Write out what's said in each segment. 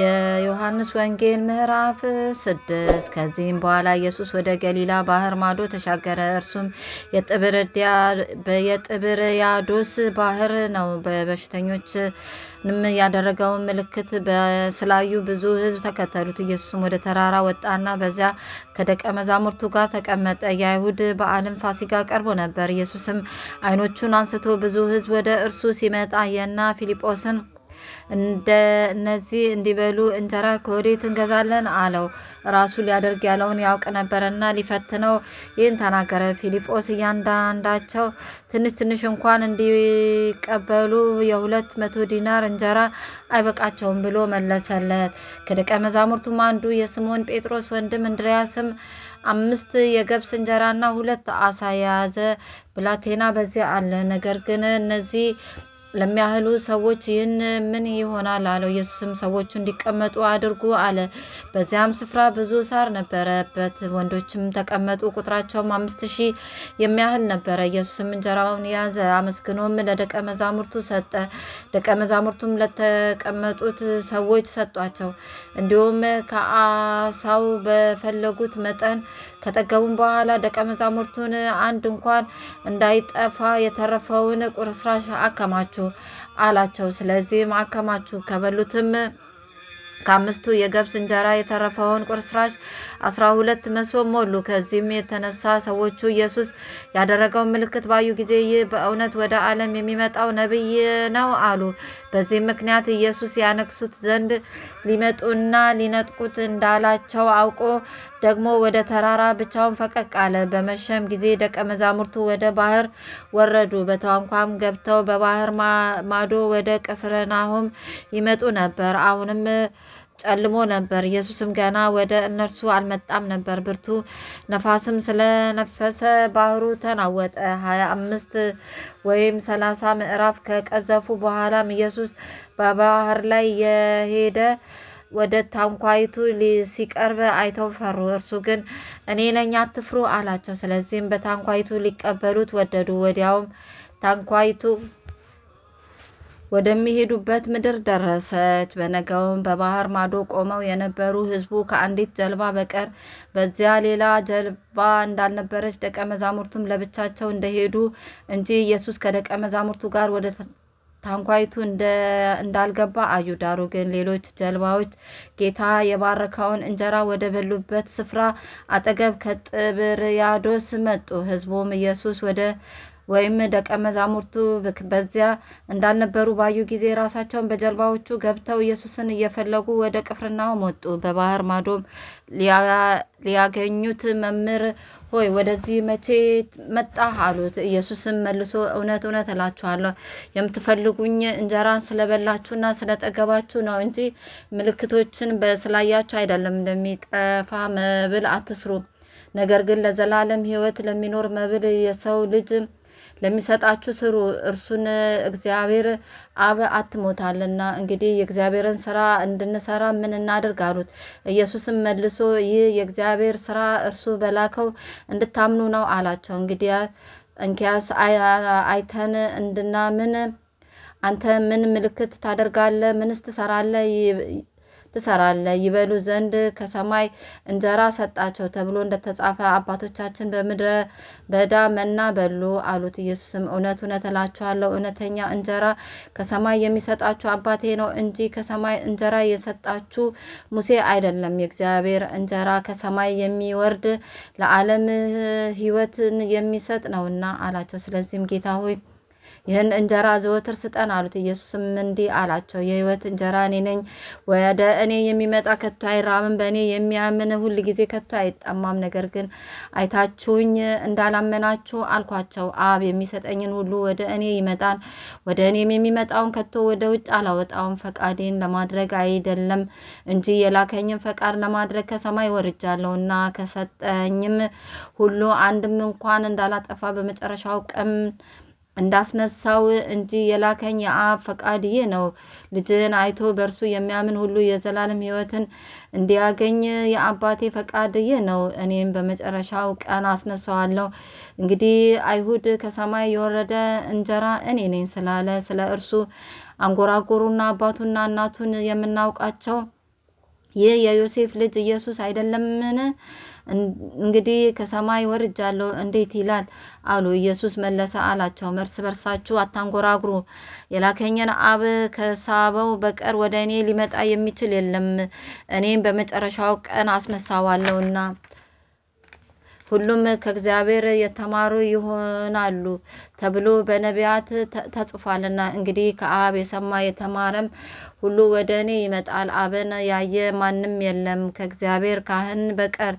የዮሐንስ ወንጌል ምዕራፍ ስድስት ከዚህም በኋላ ኢየሱስ ወደ ገሊላ ባህር ማዶ ተሻገረ። እርሱም የጥብርያዶስ ባህር ነው። ንም ያደረገውን ምልክት በስላዩ ብዙ ሕዝብ ተከተሉት። ኢየሱስም ወደ ተራራ ወጣና በዚያ ከደቀ መዛሙርቱ ጋር ተቀመጠ። የአይሁድ በዓልም ፋሲጋ ቀርቦ ነበር። ኢየሱስም ዓይኖቹን አንስቶ ብዙ ሕዝብ ወደ እርሱ ሲመጣ የና ፊልጶስን እንደ እነዚህ እንዲበሉ እንጀራ ከወዴት እንገዛለን አለው። ራሱ ሊያደርግ ያለውን ያውቅ ነበረና ሊፈትነው ይህን ተናገረ። ፊልጶስ እያንዳንዳቸው ትንሽ ትንሽ እንኳን እንዲቀበሉ የሁለት መቶ ዲናር እንጀራ አይበቃቸውም ብሎ መለሰለት። ከደቀ መዛሙርቱም አንዱ የስምዖን ጴጥሮስ ወንድም እንድርያስም አምስት የገብስ እንጀራና ሁለት አሳ የያዘ ብላቴና በዚያ አለ። ነገር ግን እነዚህ ለሚያህሉ ሰዎች ይህን ምን ይሆናል አለው። ኢየሱስም ሰዎቹ እንዲቀመጡ አድርጉ አለ። በዚያም ስፍራ ብዙ ሳር ነበረበት። ወንዶችም ተቀመጡ፣ ቁጥራቸውም አምስት ሺህ የሚያህል ነበረ። ኢየሱስም እንጀራውን ያዘ፣ አመስግኖም ለደቀ መዛሙርቱ ሰጠ። ደቀ መዛሙርቱም ለተቀመጡት ሰዎች ሰጧቸው። እንዲሁም ከአሳው በፈለጉት መጠን ከጠገቡም በኋላ ደቀ መዛሙርቱን አንድ እንኳን እንዳይጠፋ የተረፈውን ቁርስራሽ አከማቹ። አላችሁ አላቸው። ስለዚህ ማከማችሁ ከበሉትም ከአምስቱ የገብስ እንጀራ የተረፈውን ቁርስራሽ ሁለት መሶብ ሞሉ። ከዚህም የተነሳ ሰዎቹ ኢየሱስ ያደረገውን ምልክት ባዩ ጊዜ ይህ በእውነት ወደ ዓለም የሚመጣው ነቢይ ነው አሉ። በዚህም ምክንያት ኢየሱስ ያነግሱት ዘንድ ሊመጡና ሊነጥቁት እንዳላቸው አውቆ ደግሞ ወደ ተራራ ብቻውን ፈቀቅ አለ። በመሸም ጊዜ ደቀ መዛሙርቱ ወደ ባህር ወረዱ። በታንኳም ገብተው በባህር ማዶ ወደ ቅፍርናሆም ይመጡ ነበር። አሁንም ጨልሞ ነበር። ኢየሱስም ገና ወደ እነርሱ አልመጣም ነበር። ብርቱ ነፋስም ስለነፈሰ ባህሩ ተናወጠ። ሀያ አምስት ወይም ሰላሳ ምዕራፍ ከቀዘፉ በኋላም ኢየሱስ በባህር ላይ የሄደ ወደ ታንኳይቱ ሲቀርብ አይተው ፈሩ። እርሱ ግን እኔ ነኝ፣ አትፍሩ አላቸው። ስለዚህም በታንኳይቱ ሊቀበሉት ወደዱ። ወዲያውም ታንኳይቱ ወደሚሄዱበት ምድር ደረሰች። በነገውም በባህር ማዶ ቆመው የነበሩ ሕዝቡ ከአንዲት ጀልባ በቀር በዚያ ሌላ ጀልባ እንዳልነበረች፣ ደቀ መዛሙርቱም ለብቻቸው እንደሄዱ እንጂ ኢየሱስ ከደቀ መዛሙርቱ ጋር ወደ ታንኳይቱ እንዳልገባ አዩ። ዳሩ ግን ሌሎች ጀልባዎች ጌታ የባረከውን እንጀራ ወደ በሉበት ስፍራ አጠገብ ከጥብርያዶስ መጡ። ሕዝቡም ኢየሱስ ወደ ወይም ደቀ መዛሙርቱ በዚያ እንዳልነበሩ ባዩ ጊዜ ራሳቸውን በጀልባዎቹ ገብተው ኢየሱስን እየፈለጉ ወደ ቅፍርናሆም ወጡ። በባህር ማዶም ሊያገኙት መምህር ሆይ ወደዚህ መቼ መጣህ? አሉት። ኢየሱስም መልሶ እውነት እውነት እላችኋለሁ የምትፈልጉኝ እንጀራን ስለበላችሁና ስለጠገባችሁ ነው እንጂ ምልክቶችን ስላያችሁ አይደለም። እንደሚጠፋ መብል አትስሩ፣ ነገር ግን ለዘላለም ሕይወት ለሚኖር መብል የሰው ልጅ ለሚሰጣችሁ ስሩ፣ እርሱን እግዚአብሔር አብ አትሞታልና። እንግዲህ የእግዚአብሔርን ስራ እንድንሰራ ምን እናድርግ አሉት። ኢየሱስም መልሶ ይህ የእግዚአብሔር ስራ እርሱ በላከው እንድታምኑ ነው አላቸው። እንግዲያ እንኪያስ አይተን እንድናምን አንተ ምን ምልክት ታደርጋለህ? ምንስ ትሰራለህ? ትሰራለህ ይበሉ ዘንድ ከሰማይ እንጀራ ሰጣቸው ተብሎ እንደተጻፈ አባቶቻችን በምድረ በዳ መና በሉ አሉት። ኢየሱስም እውነት እውነት እላችኋለሁ እውነተኛ እንጀራ ከሰማይ የሚሰጣችሁ አባቴ ነው እንጂ ከሰማይ እንጀራ የሰጣችሁ ሙሴ አይደለም። የእግዚአብሔር እንጀራ ከሰማይ የሚወርድ ለዓለም ሕይወትን የሚሰጥ ነውና አላቸው። ስለዚህም ጌታ ሆይ ይህን እንጀራ ዘወትር ስጠን አሉት። ኢየሱስም እንዲህ አላቸው፣ የህይወት እንጀራ እኔ ነኝ። ወደ እኔ የሚመጣ ከቶ አይራምም በእኔ የሚያምን ሁል ጊዜ ከቶ አይጠማም። ነገር ግን አይታችሁኝ እንዳላመናችሁ አልኳቸው። አብ የሚሰጠኝን ሁሉ ወደ እኔ ይመጣል፣ ወደ እኔም የሚመጣውን ከቶ ወደ ውጭ አላወጣውም። ፈቃዴን ለማድረግ አይደለም እንጂ የላከኝን ፈቃድ ለማድረግ ከሰማይ እና ከሰጠኝም ሁሉ አንድም እንኳን እንዳላጠፋ በመጨረሻው ቀን እንዳስነሳው እንጂ የላከኝ የአብ ፈቃድ ይህ ነው፣ ልጅን አይቶ በእርሱ የሚያምን ሁሉ የዘላለም ሕይወትን እንዲያገኝ የአባቴ ፈቃድ ይህ ነው፣ እኔም በመጨረሻው ቀን አስነሳዋለሁ። እንግዲህ አይሁድ ከሰማይ የወረደ እንጀራ እኔ ነኝ ስላለ ስለ እርሱ አንጎራጎሩና አባቱና እናቱን የምናውቃቸው ይህ የዮሴፍ ልጅ ኢየሱስ አይደለምን? እንግዲህ ከሰማይ ወርጃለሁ እንዴት ይላል አሉ። ኢየሱስ መለሰ አላቸው፣ እርስ በርሳችሁ አታንጎራጉሩ። የላከኝን አብ ከሳበው በቀር ወደ እኔ ሊመጣ የሚችል የለም። እኔም በመጨረሻው ቀን አስነሳዋለሁና ሁሉም ከእግዚአብሔር የተማሩ ይሆናሉ ተብሎ በነቢያት ተጽፏልና። እንግዲህ ከአብ የሰማ የተማረም ሁሉ ወደ እኔ ይመጣል። አብን ያየ ማንም የለም ከእግዚአብሔር ካህን በቀር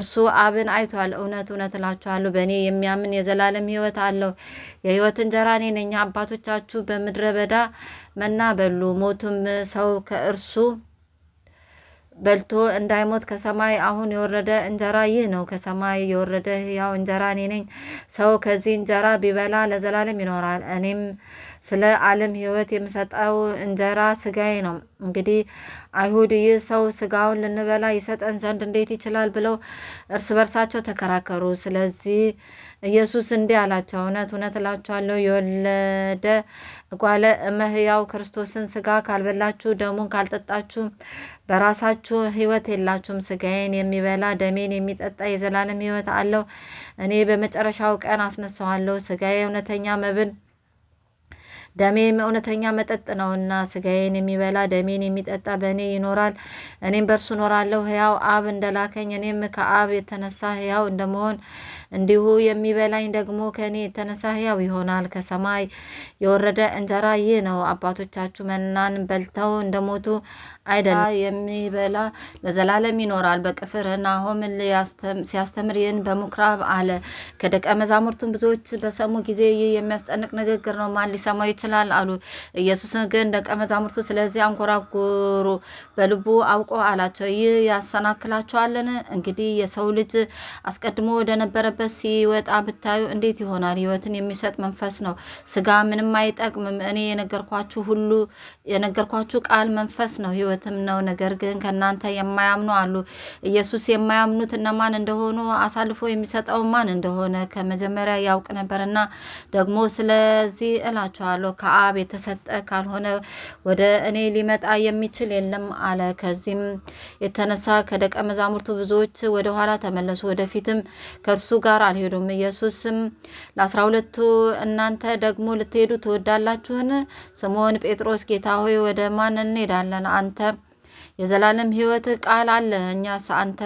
እርሱ አብን አይቷል። እውነት እውነት እላችኋለሁ በእኔ የሚያምን የዘላለም ሕይወት አለው። የሕይወት እንጀራ እኔ ነኝ። አባቶቻችሁ በምድረ በዳ መና በሉ፣ ሞቱም ሰው ከእርሱ በልቶ እንዳይሞት ከሰማይ አሁን የወረደ እንጀራ ይህ ነው። ከሰማይ የወረደ ሕያው እንጀራ እኔ ነኝ። ሰው ከዚህ እንጀራ ቢበላ ለዘላለም ይኖራል። እኔም ስለ ዓለም ሕይወት የምሰጠው እንጀራ ስጋዬ ነው። እንግዲህ አይሁድ ይህ ሰው ስጋውን ልንበላ ይሰጠን ዘንድ እንዴት ይችላል? ብለው እርስ በርሳቸው ተከራከሩ። ስለዚህ ኢየሱስ እንዲህ አላቸው፣ እውነት እውነት እላችኋለሁ የወለደ እጓለ እመህያው ክርስቶስን ስጋ ካልበላችሁ፣ ደሙን ካልጠጣችሁ በራሳችሁ ህይወት የላችሁም። ስጋዬን የሚበላ ደሜን የሚጠጣ የዘላለም ህይወት አለው፣ እኔ በመጨረሻው ቀን አስነሳዋለሁ። ስጋዬ እውነተኛ መብል ደሜም እውነተኛ መጠጥ ነውና ስጋዬን የሚበላ ደሜን የሚጠጣ በእኔ ይኖራል፣ እኔም በእርሱ እኖራለሁ። ሕያው አብ እንደላከኝ እኔም ከአብ የተነሳ ሕያው እንደመሆን እንዲሁ የሚበላኝ ደግሞ ከእኔ የተነሳ ሕያው ይሆናል። ከሰማይ የወረደ እንጀራ ይህ ነው። አባቶቻችሁ መናን በልተው እንደሞቱ አይደለ? የሚበላ ለዘላለም ይኖራል። በቅፍርናሆም ሲያስተምር ይህን በምኩራብ አለ። ከደቀ መዛሙርቱን ብዙዎች በሰሙ ጊዜ ይህ የሚያስጨንቅ ንግግር ነው፣ ማን ሊሰማው ይመስላል አሉ። ኢየሱስን ግን ደቀ መዛሙርቱ ስለዚህ አንጎራጎሩ። በልቡ አውቆ አላቸው፣ ይህ ያሰናክላቸዋለን? እንግዲህ የሰው ልጅ አስቀድሞ ወደ ነበረበት ሲወጣ ብታዩ እንዴት ይሆናል? ህይወትን የሚሰጥ መንፈስ ነው፣ ስጋ ምንም አይጠቅምም። እኔ የነገርኳችሁ ሁሉ የነገርኳችሁ ቃል መንፈስ ነው ህይወትም ነው። ነገር ግን ከእናንተ የማያምኑ አሉ። ኢየሱስ የማያምኑት እነማን እንደሆኑ አሳልፎ የሚሰጠው ማን እንደሆነ ከመጀመሪያ ያውቅ ነበርና ደግሞ ስለዚህ እላችኋለሁ ከአብ የተሰጠ ካልሆነ ወደ እኔ ሊመጣ የሚችል የለም አለ። ከዚህም የተነሳ ከደቀ መዛሙርቱ ብዙዎች ወደ ኋላ ተመለሱ፣ ወደፊትም ከእርሱ ጋር አልሄዱም። ኢየሱስም ለአስራ ሁለቱ እናንተ ደግሞ ልትሄዱ ትወዳላችሁን? ስምዖን ጴጥሮስ ጌታ ሆይ ወደ ማን እንሄዳለን? አንተ የዘላለም ሕይወት ቃል አለ። እኛስ አንተ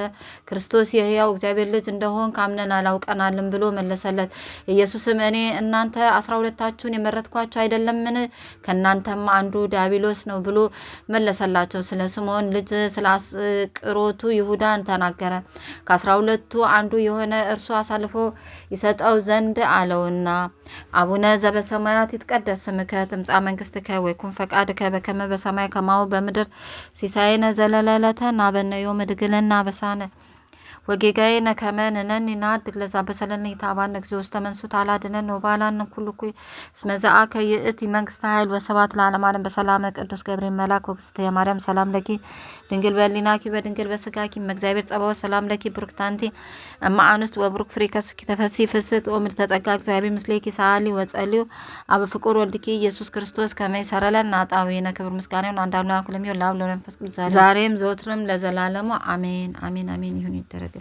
ክርስቶስ የሕያው እግዚአብሔር ልጅ እንደሆን ካምነን አላውቀናልም ብሎ መለሰለት። ኢየሱስም እኔ እናንተ አስራ ሁለታችሁን የመረጥኳቸው አይደለምን? ከእናንተማ አንዱ ዲያብሎስ ነው ብሎ መለሰላቸው። ስለ ስምዖን ልጅ ስለ አስቆሮቱ ይሁዳን ተናገረ። ከአስራ ሁለቱ አንዱ የሆነ እርሱ አሳልፎ ይሰጠው ዘንድ አለውና። አቡነ ዘበሰማያት ይትቀደስ ስምከ ትምጻእ መንግስትከ ወይኩን ፈቃድከ በከመ በሰማይ ከማሁ በምድር ሲሳይን ዘለለለተ ናበነዮ ምድግልና በሳነ ወጌጋዬ ነከመ ንነኒ ናድግ ለዛበሰለኒ ሂታባነ እግዚኦ ውስተ መንሱት አላድነን ወባላን ኩሉ ኩ ስመዛአ ይእቲ መንግስተ ኃይል ወሰባት ለዓለም ዓለም በሰላመ ቅዱስ ገብርኤል መልአክ ወእግዝእትየ ማርያም ሰላም ለኪ ድንግል በሊናኪ በድንግል በስጋኪ መእግዚአብሔር ጸባኦ ሰላም ለኪ ብሩክት አንቲ እማ ወብሩክ ፍሬ ከርስኪ ተፈሲ ፍስት ኦምድ ተጸጋ ጸጋ እግዚአብሔር ምስሌኪ ሰአሊ ወጸልዩ አብ ፍቁር ወልድኪ ኢየሱስ ክርስቶስ ከመይ ሰረለን ለነ ኃጣውኢነ። ክብር ምስጋና ይሁን አንድ አምላክ ለሚሆን ለአብ ለመንፈስ ቅዱስ ዛሬም ዘወትርም ለዘላለሙ አሜን አሜን አሜን። ይሁን ይደረግ።